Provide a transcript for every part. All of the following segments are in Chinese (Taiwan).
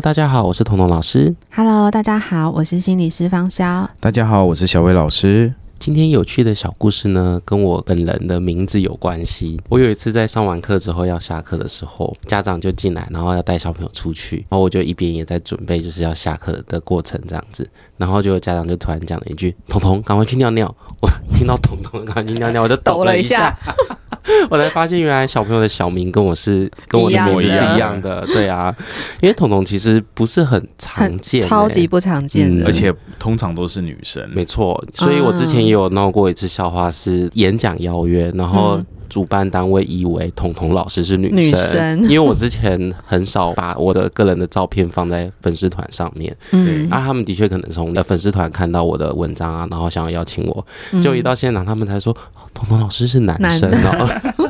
大家好，我是彤彤老師。Hello，大家好，我是心理師方瀟。大家好，我是小薇老師。今天有趣的小故事呢，跟我本人的名字有關係。我有一次在上完課之後要下課的時候，家長就進來，然後要帶小朋友出去，然後我就一邊也在準備，就是要下課的過程這樣子，然後就家長就突然講了一句：“彤彤，趕快去尿尿。”我聽到“彤彤，趕快去尿尿”， 我就抖了一下。 我才發現，原來小朋友的小名跟我是跟我的名字是一樣的，對啊，因為彤彤其實不是很常見、欸，超級不常見的，嗯，而且通常都是女生，嗯，沒錯。所以我之前也有鬧過一次笑話，是演講邀約，然後，嗯。主辦單位以為彤彤老師是女生，女生，因為我之前很少把我的個人的照片放在粉絲團上面，嗯，啊，他們的確可能從、呃、粉絲團看到我的文章啊，然後想要邀請我，就一到現場，他們才說哦、彤彤老師是男生哦。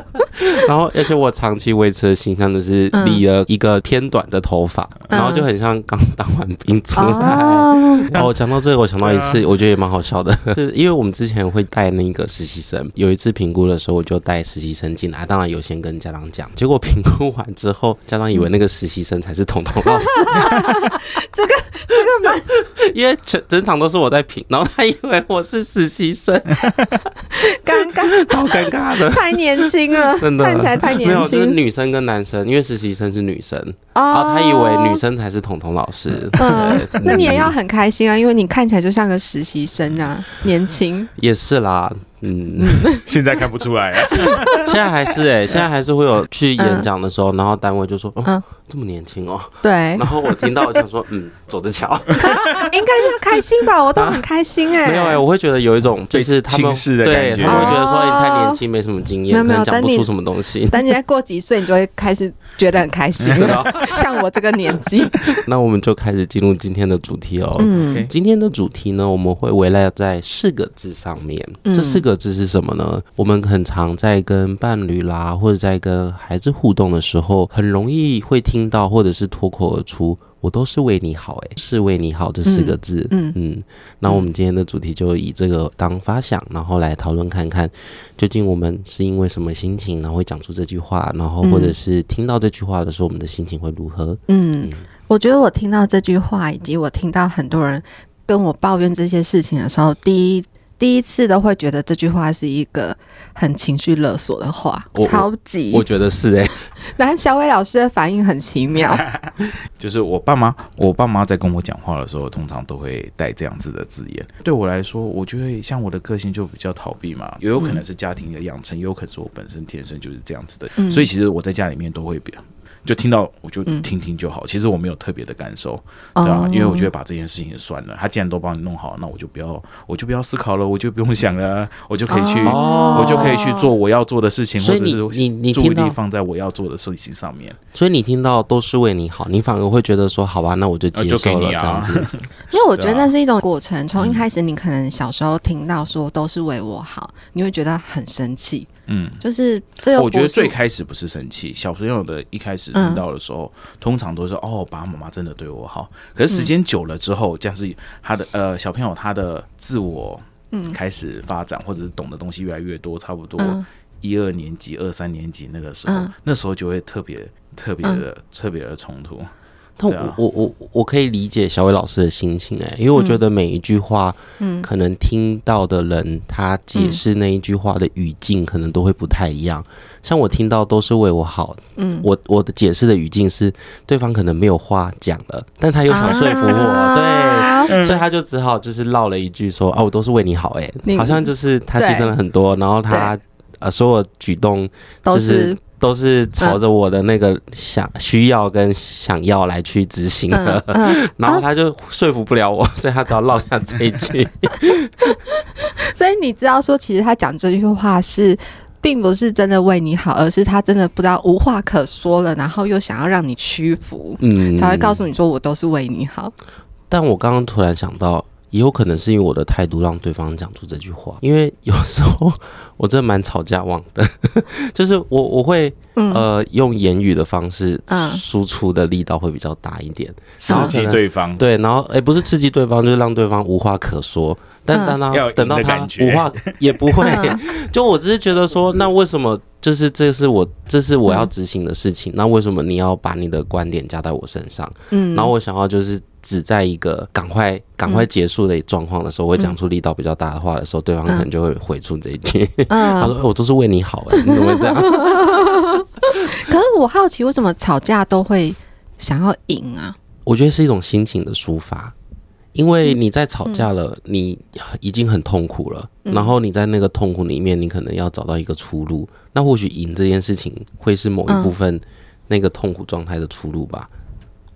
然後，而且我長期維持的形象就是理了一個偏短的頭髮，嗯、然後就很像剛當完兵出來、嗯嗯哦。然後講到這個，我想到一次，我覺得也蠻好笑的，嗯嗯，就是因為我們之前會帶那個實習生，有一次評估的時候，我就帶實習生進來，當然有先跟家長講。結果評估完之後，家長以為那個實習生才是彤彤老師。這個這個蠻， 因為整整場都是我在評，然後他以為我是實習生，尷尬，超尷尬的，太年輕了。真的看起來太年輕， 沒有就是女生跟男生，因為實習生是女生，哦、啊，他以為女生才是彤彤老師。嗯，那你也要很開心啊，因為你看起來就像個實習生啊，年輕 也是啦。嗯，現在看不出來、啊， 現在還是哎、欸，現在還是會有去演講的時候、嗯，然後單位就說，哦，嗯、這麼年輕哦，對，然後我聽到我就說， 嗯，走着瞧， 應該是開心吧，我都很開心哎、欸啊，沒有哎、欸，我會覺得有一種就是他們是的對他們會覺得說你太年輕沒什麼經驗，講、哦、不出什麼東西，沒有沒有但你， 等你再過幾歲，你就會開始。覺得很開心 像我這個年紀 。 那我們就開始進入今天的主題哦。嗯，今天的主題呢，我們會圍繞在四個字上面。這四個字是什麼呢？我們很常在跟伴侶啦，或者在跟孩子互動的時候，很容易會聽到，或者是脫口而出。我都是為你好，欸，誒，是為你好這四個字，嗯嗯，嗯。那我們今天的主題就以這個當發想，然後來討論看看，究竟我們是因為什麼心情，然後會講出這句話，然後或者是聽到這句話的時候，我們的心情會如何？嗯，嗯。嗯，我覺得我聽到這句話，以及我聽到很多人跟我抱怨這些事情的時候，第一。第一次都會覺得這句話是一個很情緒勒索的話，超級我，我覺得是哎。然後小偉老師的反應很奇妙 ，就是我爸媽，我爸媽在跟我講話的時候，通常都會帶這樣子的字眼。對我來說，我覺得像我的個性就比較逃避嘛，也有，有可能是家庭的養成，也有，有可能是我本身天生就是這樣子的。嗯、所以其實我在家裡面都會比較。就聽到我就聽聽就好，嗯、其實我沒有特別的感受，對啊、嗯，因為我覺得把這件事情算了。他既然都幫你弄好，那我就不要，我就不要思考了，我就不用想了，嗯、我就可以去、哦，我就可以去做我要做的事情。嗯、或者是事情，所以你你你注意力放在我要做的事情上面。所以你聽到都是為你好，你反而會覺得說好吧，那我就接受了這樣子。呃啊、 因為我覺得那是一種過程，從一開始你可能小時候聽到說都是為我好，你會覺得很生氣。嗯，就是，我覺得最開始不是生氣，小朋友的一開始聽到的時候，嗯、通常都是哦，爸爸媽媽真的對我好。可是時間久了之後，這樣子他的呃小朋友他的自我開始發展，或者是懂的東西越來越多，差不多一二年級、嗯、二三年級那個時候，嗯、那時候就會特別特別的、嗯、特別的衝突。我我我可以理解小偉老師的心情哎、欸，因為我覺得每一句話，嗯，可能聽到的人、嗯、他解釋那一句話的語境，可能都會不太一樣、嗯。像我聽到都是為我好，嗯，我我的解釋的語境是對方可能沒有話講了，但他又想說服我，啊、對、嗯，所以他就只好就是嘮了一句說哦、啊，我都是為你好哎、欸，好像就是他犧牲了很多，然後他呃所有舉動就是。都是朝着我的那個想需要跟想要來去執行的，然後他就說服不了我，所以他只要落下這一句、嗯。嗯啊、 所以你知道，說其實他講這句話是，並不是真的為你好，而是他真的不知道無話可說了，然後又想要讓你屈服，才會告訴你說我都是為你好、嗯。但我剛剛突然想到。也有可能是因為我的態度讓對方講出這句話，因為有時候我真的蠻吵架王的呵呵，就是我我會、嗯、呃用言語的方式輸出的力道會比較大一點，刺激對方，對，然後誒、欸、不是刺激對方，就是讓對方無話可說，但等啊，等到他無話也不會， 就我只是覺得說那為什麼？就是這是我，這是我要執行的事情、嗯。那為什麼你要把你的觀點加在我身上？嗯，然後我想要就是只在一個趕快趕快結束的狀況的時候，會、嗯、講出力道比較大的話的時候，嗯、對方可能就會回出這一句。嗯、 他說：“我都是為你好耶，你怎麼會這樣？”嗯、 可是我好奇，為什麼吵架都會想要贏啊？ 我覺得是一種心情的抒發。因為你在吵架了，嗯、你已經很痛苦了，嗯，然後你在那個痛苦裡面，你可能要找到一個出路。嗯、那或許贏這件事情，會是某一部分那個痛苦狀態的出路吧、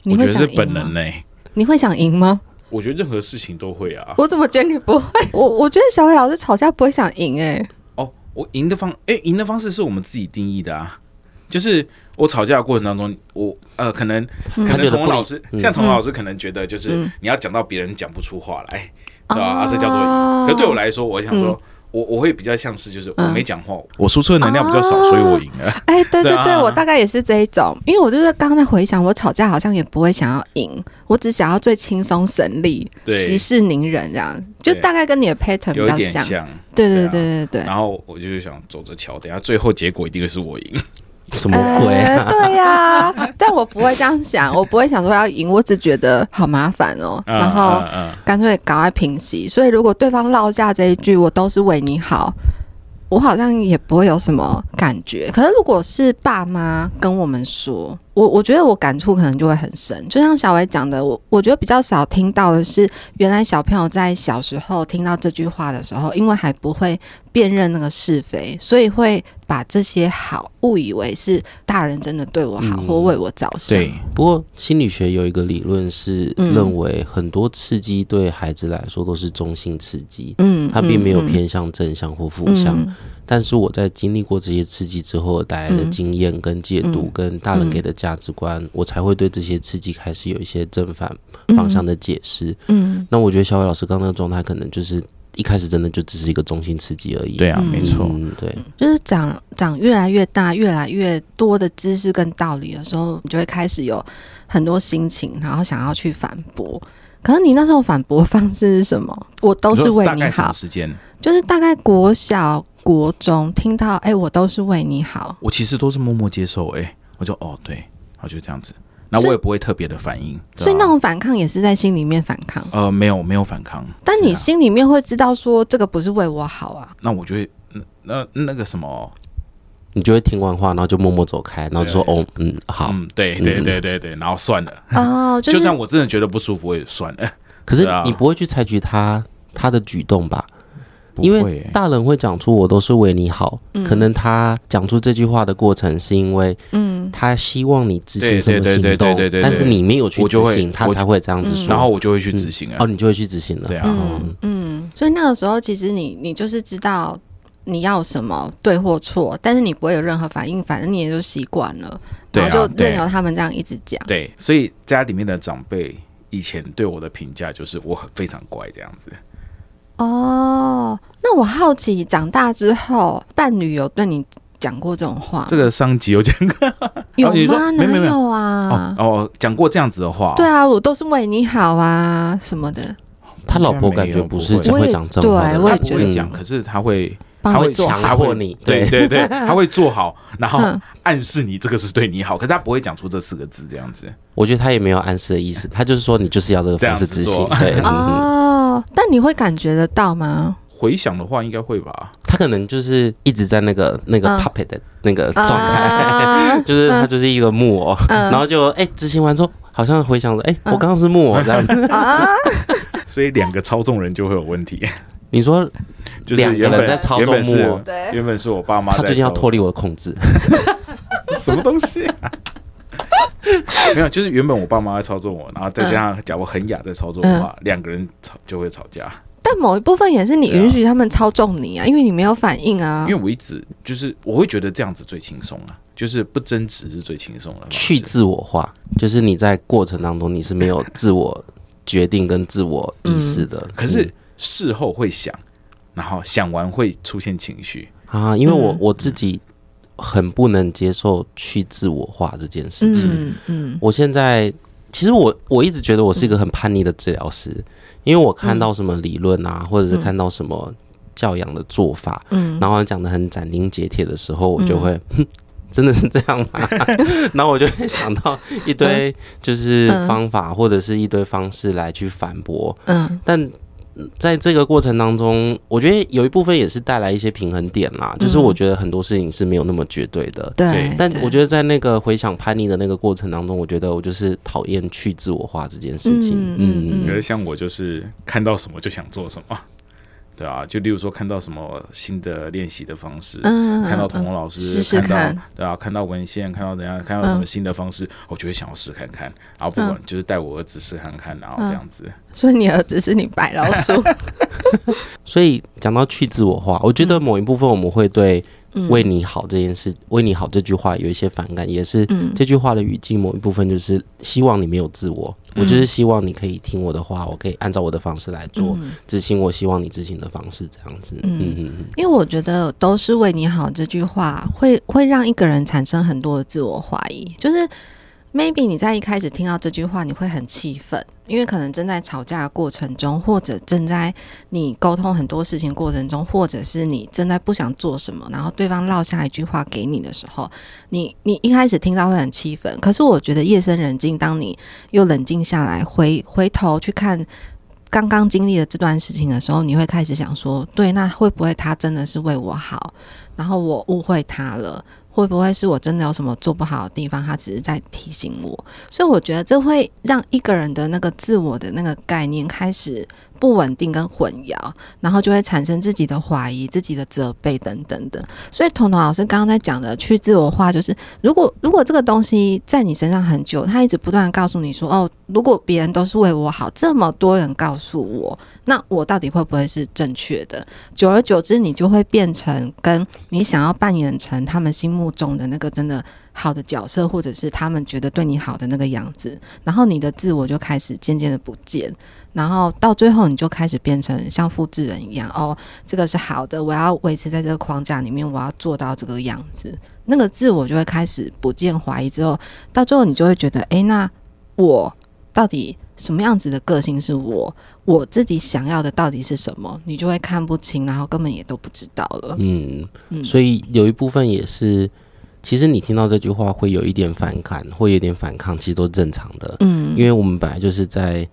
嗯？我覺得是本能嘞、欸。你會想贏嗎，嗎？我覺得任何事情都會啊。我怎麼覺得你不會？我我覺得小偉老師吵架不會想贏哎、欸。哦，我贏的方哎，贏、欸、的方式是我們自己定義的啊，就是。我吵架的過程當中，我呃，可能可能童老師像童老師，老師可能覺得就是、嗯、你要講到別人講不出話來，嗯、對吧？啊、嗯，這叫做。嗯、可是對我來說，我想說，嗯、我我會比較像是就是我沒講話，嗯、我輸出的能量比較少，嗯、所以我贏了。哎、欸，對對對，對、啊，我大概也是這一種，因為我就是剛剛在回想，我吵架好像也不會想要贏，我只想要最輕鬆省力對，息事寧人這樣，就大概跟你的 pattern 比較像。對像對、啊、對，對對對對。然後我就想走着瞧，等下最後結果一定會是我贏。什麼鬼、啊呃？對呀、啊， 但我不會這樣想，我不會想說要贏，我只覺得好麻煩哦。 然後乾脆趕快平息。所以如果對方落下這一句，我都是為你好，我好像也不會有什麼感覺。可是如果是爸媽跟我們說，我我覺得我感觸可能就會很深，就像小維講的，我我覺得比較少聽到的是，原來小朋友在小時候聽到這句話的時候，因為還不會辨認那個是非，所以會把這些好誤以為是大人真的對我好，嗯，或為我着想。對，不過心理學有一個理論是認為很多刺激對孩子來說都是中性刺激，嗯，它並沒有偏向正向或負向。嗯嗯嗯但是我在經歷過這些刺激之後帶來的經驗、跟解讀、跟大人給的價值觀，嗯嗯、我才會對這些刺激開始有一些正反方向的解釋。嗯，嗯，那我覺得小偉老師剛剛的狀態，可能就是一開始真的就只是一個中心刺激而已。對、嗯、啊、嗯，沒錯、嗯。對，就是長長越來越大、越來越多的知識跟道理的時候，你就會開始有很多心情，然後想要去反駁。可是你那時候反駁方式是什麼？我都是為你好。你大概時間就是大概國小。國中聽到哎、欸，我都是為你好，我其實都是默默接受、欸。哎，我就哦對，然後就這樣子，那我也不會特別的反應所、啊。所以那種反抗，也是在心裡面反抗。呃，沒有沒有反抗，但你心裡面會知道說這個不是為我好啊。啊那我就會，那那，那個什麼，你就會聽完話，然後就默默走開，然後就說哦嗯好嗯對對對對對，嗯、然後算了哦，就是、 就算我真的覺得不舒服，我也算了。就是、可是你不會去採取他 他的舉動吧？因為大人會講出我都是為你好，嗯、可能他講出這句話的過程是因為，嗯，他希望你執行什麼行動、嗯，但是你沒有去執行，他才會這樣子說。嗯、然後我就會去執行、嗯，哦，你就會去執行了，對啊，嗯，所以那個時候其實你你就是知道你要什麼對或錯，但是你不會有任何反應，反正你也就習慣了，然後就任由他們這樣一直講、啊。對，所以家裡面的長輩以前對我的評價就是我很非常乖這樣子。哦，那我好奇，長大之後伴侶有對你講過這種話？這個上級有講過，有嗎？ 你說沒，沒，沒，哪有啊！哦，講、哦、過這樣子的話、哦。對啊，我都是為你好啊什麼的。他老婆感覺不是講講，我也會講，對，我、嗯、他不會講，可是他會，他會強迫、嗯嗯、你，對對對，他會做好， 然後暗示你這個是對你好， 可是他不會講出這四個字這樣子。我覺得他也沒有暗示的意思，他就是說你就是要這個方式執行，對。 但你會感覺得到嗎？回想的話應該會吧。他可能就是一直在那個那個 puppet 的那個狀態、嗯，就是、嗯、他就是一個木偶，嗯、然後就哎、欸、執行完之後，好像回想著。哎、嗯欸，我剛剛是木偶這樣子、嗯， 所以兩個操縱人就會有問題就是原本。你說兩個人在操縱木偶，原本是我爸媽，他最近要脫離我的控制， 什麼東西、啊？ 沒有，就是原本我爸媽在操縱我，然後再加上、呃、假如很啞在操縱的話、呃，兩個人吵就會吵架。但某一部分也是你允許他們操縱你啊，啊因為你沒有反應啊。因為我一直就是我會覺得這樣子最輕鬆了、啊，就是不爭執是最輕鬆了。去自我化，就是你在過程當中你是沒有自我決定跟自我意識的， 嗯、可是事後會想，然後想完會出現情緒啊，因為我、嗯、我自己、嗯。很不能接受去自我化這件事情。嗯，嗯，我現在其實我我一直覺得我是一個很叛逆的治療師，嗯、因為我看到什麼理論啊、嗯，或者是看到什麼教養的做法，嗯，然後講得很斬釘截鐵的時候，嗯、我就會真的是這樣嗎？嗯、 然後我就會想到一堆就是方法，或者是一堆方式來去反駁。嗯，嗯，但。在這個過程當中，我覺得有一部分也是帶來一些平衡點啦、嗯。就是我覺得很多事情是沒有那麼絕對的。對。對。但我覺得在那個回想叛逆的那個過程當中，我覺得我就是討厭去自我化這件事情。嗯嗯嗯。像我就是看到什麼就想做什麼。對啊，就例如說看到什麼新的練習的方式，嗯、看到童童老師，嗯、試試看，看到對啊，看到文獻，看到怎樣，看到什麼新的方式、嗯，我就會想要試看看，嗯、然後不管、嗯、就是帶我兒子試看看，然後這樣子。嗯、所以你兒子是你白老鼠 。 所以講到去自我化，我覺得某一部分我們會對。嗯、為你好這件事，為你好這句話有一些反感，也是這句話的語境某一部分，就是希望你沒有自我、嗯，我就是希望你可以聽我的話，我可以按照我的方式來做，嗯、執行我希望你執行的方式，這樣子。嗯嗯，因為我覺得都是為你好這句話會，會會讓一個人產生很多的自我懷疑，就是。Maybe 你在一開始聽到這句話，你會很氣憤，因為可能正在吵架的過程中，或者正在你溝通很多事情的過程中，或者是你正在不想做什麼，然後對方落下一句話給你的時候，你你一開始聽到會很氣憤。可是我覺得夜深人靜，當你又冷靜下來，回回頭去看剛剛經歷的這段事情的時候，你會開始想說：對，那會不會他真的是為我好？然後我誤會他了。會不會是我真的有什麼做不好的地方？他只是在提醒我。所以我覺得這會讓一個人的那個自我的那個概念開始不穩定跟混淆，然後就會產生自己的懷疑、自己的責備等等的。所以，彤彤老師剛剛在講的去自我化，就是如果如果這個東西在你身上很久，他一直不斷告訴你說：“哦，如果別人都是為我好，這麼多人告訴我，那我到底會不會是正確的？”久而久之，你就會變成跟你想要扮演成他們心目中的那個真的好的角色，或者是他們覺得對你好的那個樣子，然後你的自我就開始漸漸的不見。然後到最後，你就開始變成像複製人一樣哦。這個是好的，我要維持在這個框架裡面，我要做到這個樣子。那個自我就會開始不見懷疑，之後到最後，你就會覺得，哎，那我到底什麼樣子的個性是我？我自己想要的到底是什麼？你就會看不清，然後根本也都不知道了。嗯，嗯，所以有一部分也是，其實你聽到這句話會有一點反感，會有一點反抗，其實都是正常的。嗯，因為我們本來就是在。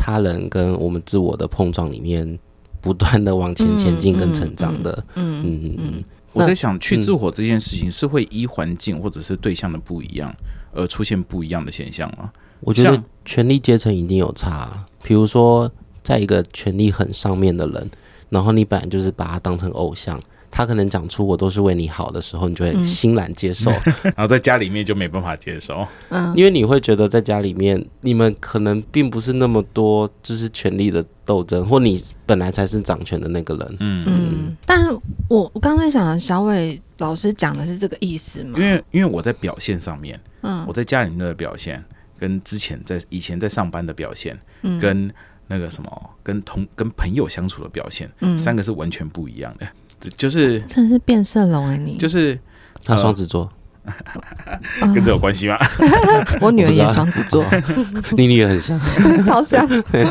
他人跟我們自我的碰撞裡面，不斷的往前前進跟成長的。嗯嗯嗯，嗯，我在想去自我這件事情是會依環境或者是對象的不一樣而出現不一樣的現象嗎？我覺得權力階層一定有差啊。比如說，在一個權力很上面的人，然後你本來就是把他當成偶像。他可能講出“我都是為你好的”時候，你就會欣然接受，然後在家裡面就沒辦法接受，嗯，因為你會覺得在家裡面，你們可能並不是那麼多，就是權力的鬥爭，或你本來才是掌權的那個人，嗯嗯。但我我剛才想，小偉老師講的是這個意思嘛，因為因為我在表現上面，嗯，我在家裡面的表現，跟之前在以前在上班的表現，嗯，跟那個什麼，跟同跟朋友相處的表現，嗯，三個是完全不一樣的。就是，啊、真是變色龍哎、欸！你就是他雙子座、呃，跟這有關係嗎？啊、 我女兒也雙子座，你女兒也很像， 超像。對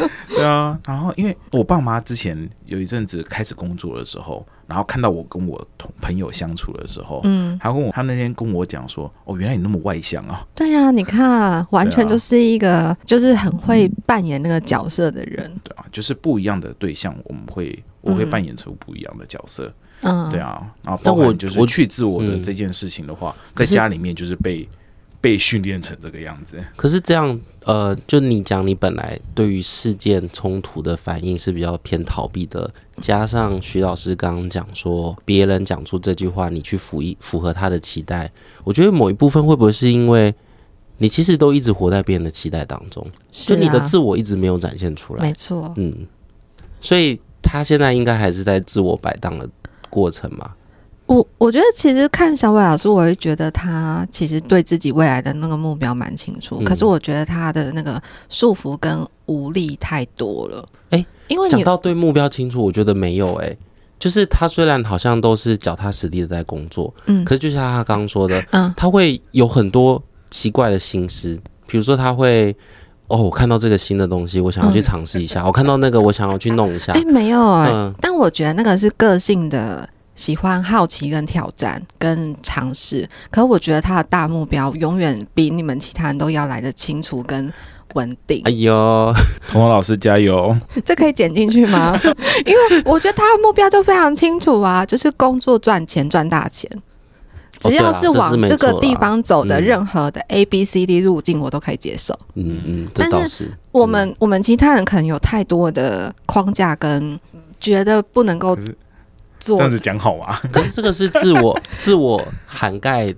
啊，然後因為我爸媽之前有一陣子開始工作的時候。然後看到我跟我同朋友相處的時候，嗯，他跟我，他那天跟我講說，哦，原來你那麼外向啊？對呀、啊，你看，完全就是一個、啊、就是很會扮演那個角色的人，對啊，就是不一樣的對象，我們會我會扮演出不一樣的角色，嗯，對啊，然後，包括就是我去自我的這件事情的話，嗯嗯、在家裡面就是被。被訓練成這個樣子，可是這樣，呃，就你講，你本來對於事件衝突的反應是比較偏逃避的，加上徐老師剛剛講說，別人講出這句話，你去符一符合他的期待，我覺得某一部分會不會是因為你其實都一直活在別人的期待當中，是啊，就你的自我一直沒有展現出來，沒錯，嗯，所以他現在應該還是在自我擺盪的過程嘛。我我覺得其實看小偉老師，我會覺得他其實對自己未來的那個目標蠻清楚、嗯，可是我覺得他的那個束縛跟無力太多了。欸、因為講到對目標清楚，我覺得沒有哎、欸，就是他雖然好像都是腳踏實地的在工作，嗯，可是就像他剛剛說的，嗯，他會有很多奇怪的心思，比如說他會哦，我看到這個新的東西，我想要去嘗試一下；嗯、 我看到那個，我想要去弄一下。哎、欸，沒有啊、嗯，但我覺得那個是個性的。喜歡好奇跟挑戰跟嘗試，可我覺得他的大目標永遠比你們其他人都要來得清楚跟穩定。哎呦，童 老師加油！這可以剪進去嗎？ 因為我覺得他的目標就非常清楚啊，就是工作賺錢賺大錢。只要是往這個地方走的任何的 A B C D 路徑，我都可以接受。嗯嗯，這倒是，但是我們、嗯、我們其他人可能有太多的框架跟覺得不能夠。這樣子講好啊？可是這個是自我 自我涵蓋，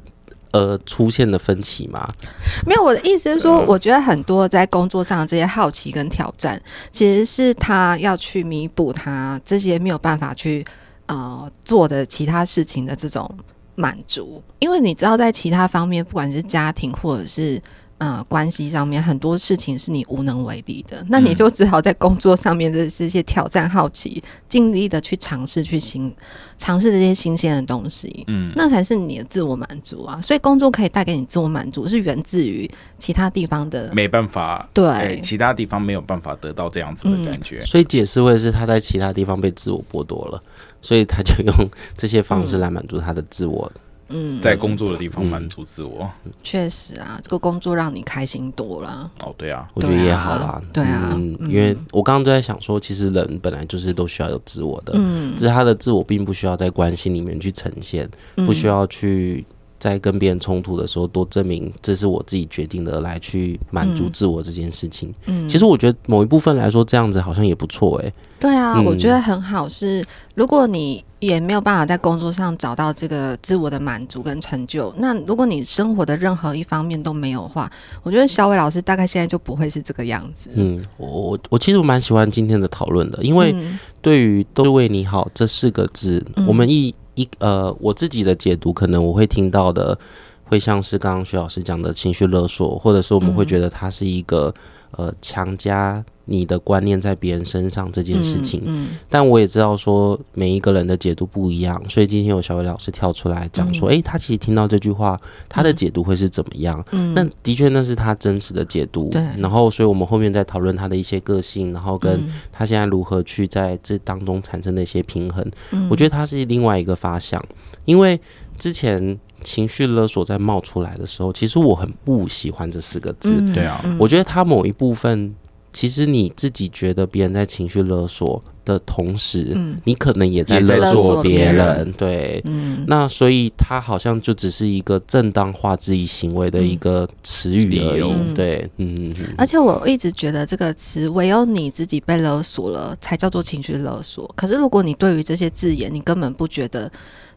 呃，出現的分歧嗎？ 沒有，我的意思是說，我覺得很多在工作上的這些好奇跟挑戰，其實是他要去彌補他這些沒有辦法去呃做的其他事情的這種滿足。因為你知道，在其他方面，不管是家庭或者是。嗯，關係上面很多事情是你無能為力的，那你就只好在工作上面這這些挑戰、好奇，盡、嗯、力的去嘗試、去新嘗試這些新鮮的東西。嗯，那才是你的自我滿足啊！所以工作可以帶給你自我滿足，是源自於其他地方的，沒辦法。對，其他地方沒有辦法得到這樣子的感覺。嗯、所以解釋會是他在其他地方被自我剝奪了，所以他就用這些方式來滿足他的自我。嗯。嗯，在工作的地方滿足自我，確、嗯嗯、實啊，這個工作讓你開心多了。哦，對啊，我覺得也好啦。對啊，對啊、嗯、對啊嗯、因為我剛剛就在想說，其實人本來就是都需要有自我的，嗯、只是他的自我並不需要在關係裡面去呈現，嗯、不需要去。在跟別人衝突的時候，多證明這是我自己決定的，來去滿足自我這件事情嗯。嗯，其實我覺得某一部分來說，這樣子好像也不錯誒、欸。對啊、嗯，我覺得很好。是，如果你也沒有辦法在工作上找到這個自我的滿足跟成就，那如果你生活的任何一方面都沒有話，我覺得小偉老師大概現在就不會是這個樣子。嗯，我我我其實我蠻喜歡今天的討論的，因為對於“都、嗯、為你好”這四個字，嗯、我們一。一呃，我自己的解讀，可能我會聽到的，會像是剛剛徐老師講的情緒勒索，或者是我們會覺得他是一個、嗯、呃強加。你的觀念在別人身上這件事情、嗯嗯，但我也知道說每一個人的解讀不一樣，所以今天有小偉老師跳出來講說，哎、嗯欸，他其實聽到這句話，他的解讀會是怎麼樣？嗯，那、嗯、的確那是他真實的解讀。對，然後所以我們後面在討論他的一些個性，然後跟他現在如何去在這當中產生的一些平衡。嗯、我覺得他是另外一個發想，嗯、因為之前情緒勒索在冒出來的時候，其實我很不喜歡這四個字。對、嗯、啊，我覺得他某一部分。其實你自己覺得別人在情緒勒索的同時，嗯，你可能也在勒索別人,人，對，嗯，那所以他好像就只是一個正當化自己行為的一個詞語而已，嗯，對，嗯，而且我一直覺得這個詞唯有你自己被勒索了才叫做情緒勒索，可是如果你對於這些字眼，你根本不覺得。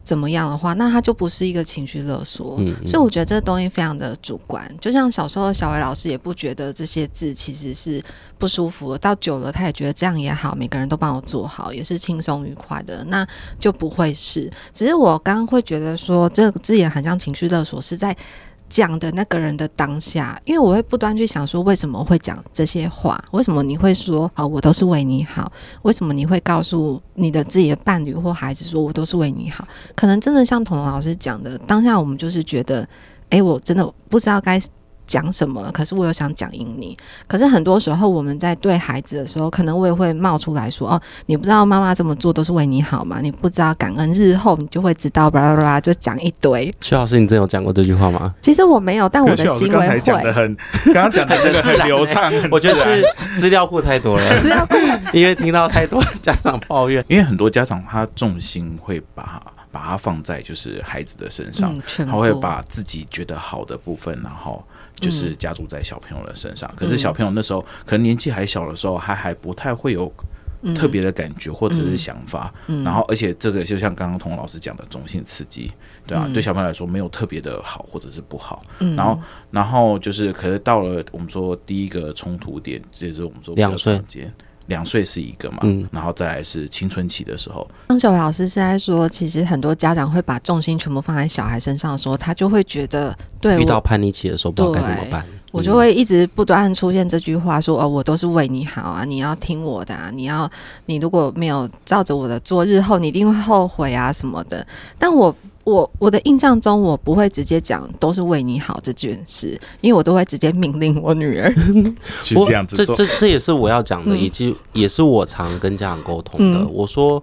怎麼樣的話，那他就不是一個情緒勒索。嗯嗯。所以我覺得這個東西非常的主觀。就像小時候小偉老師也不覺得這些字其實是不舒服的，到久了他也覺得這樣也好，每個人都幫我做好，也是輕鬆愉快的，那就不會是。只是我剛剛會覺得說，這個字也很像情緒勒索，是在。講的那個人的當下，因為我會不斷去想說，為什麼會講這些話？為什麼你會說啊、哦？我都是為你好？為什麼你會告訴你的自己的伴侶或孩子說我都是為你好？可能真的像童老師講的，當下我們就是覺得，哎，我真的不知道該。講什麼了？可是我又想講贏你。可是很多時候我們在對孩子的時候，可能我也會冒出來說：“哦，你不知道媽媽這麼做都是為你好嗎？你不知道感恩，日後你就會知道。”巴拉巴拉，就講一堆。徐老師，你真有講過這句話嗎？其實我沒有，但我的行為會，可是剛才講的很。剛剛講的很自然、欸、很流暢，我覺得是資料庫太多了。資料庫，因為聽到太多家長抱怨，因為很多家長他重心會把。把它放在就是孩子的身上、嗯，他會把自己覺得好的部分，然後就是加注在小朋友的身上。嗯、可是小朋友那時候可能年紀還小的時候，他還不太會有特別的感覺或者是想法。嗯嗯嗯、然後，而且這個就像剛剛童老師講的中性刺激，對啊、嗯，對小朋友來說沒有特別的好或者是不好。嗯、然後，然後就是，可是到了我們說第一個衝突點，這、就是我們說兩歲。兩歲是一個嘛、嗯，然後再來是青春期的時候。張小偉老師是在說，其實很多家長會把重心全部放在小孩身上說，說他就會覺得，對，遇到叛逆期的時候不知道該怎麼辦、嗯，我就會一直不斷出現這句話說，說哦，我都是為你好啊，你要聽我的啊，你要，你如果沒有照着我的做，日後你一定會後悔啊什麼的。但我。我我的印象中，我不會直接講都是為你好這件事，因為我都會直接命令我女兒 去這樣子做。這這這這也是我要講的，嗯、以及也是我常跟家長溝通的。嗯、我說，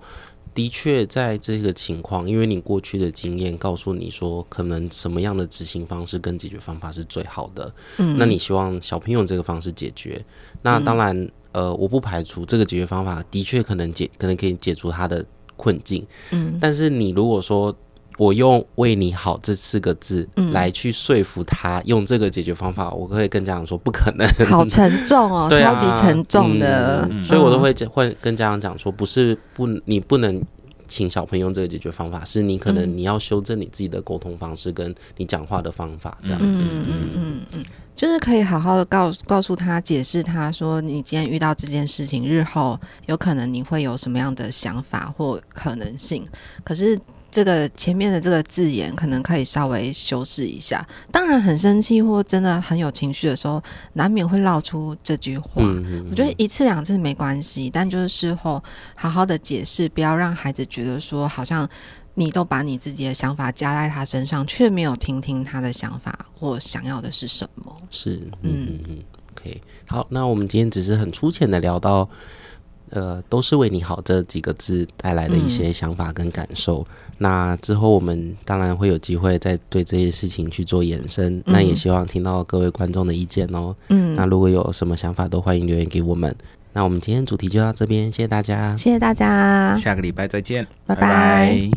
的確在這個情況，因為你過去的經驗告訴你說，可能什麼樣的執行方式跟解決方法是最好的。嗯，那你希望小朋友用這個方式解決？那當然，嗯、呃，我不排除這個解決方法的確可能解，可能可以解除他的困境。嗯，但是你如果說。我用“為你好”這四個字來去說服他、嗯、用這個解決方法，我可以跟家長說不可能，好沉重哦、 對啊，超級沉重的，嗯嗯嗯、所以我都會會跟家長講說，不是不、嗯、你不能請小朋友用這個解決方法、嗯，是你可能你要修正你自己的溝通方式跟你講話的方法這樣子，嗯嗯嗯嗯嗯，就是可以好好的告告訴他解釋他說你今天遇到這件事情，日後有可能你會有什麼樣的想法或可能性，可是。這個前面的這個字眼可能可以稍微修飾一下。當然，很生氣或真的很有情緒的時候，難免會冒出這句話。嗯、我覺得一次兩次沒關係，但就是事後好好的解釋，不要讓孩子覺得說好像你都把你自己的想法加在他身上，卻沒有聽聽他的想法或想要的是什麼。是，嗯嗯可以。Okay. 好，那我們今天只是很粗淺的聊到。呃，都是為你好這幾個字帶來的一些想法跟感受。嗯、那之後我們當然會有機會再對這些事情去做延伸。嗯、那也希望聽到各位觀眾的意見哦。嗯，那如果有什麼想法，都歡迎留言給我們。那我們今天主題就到這邊，謝謝大家，謝謝大家，下個禮拜再見，bye bye，拜拜。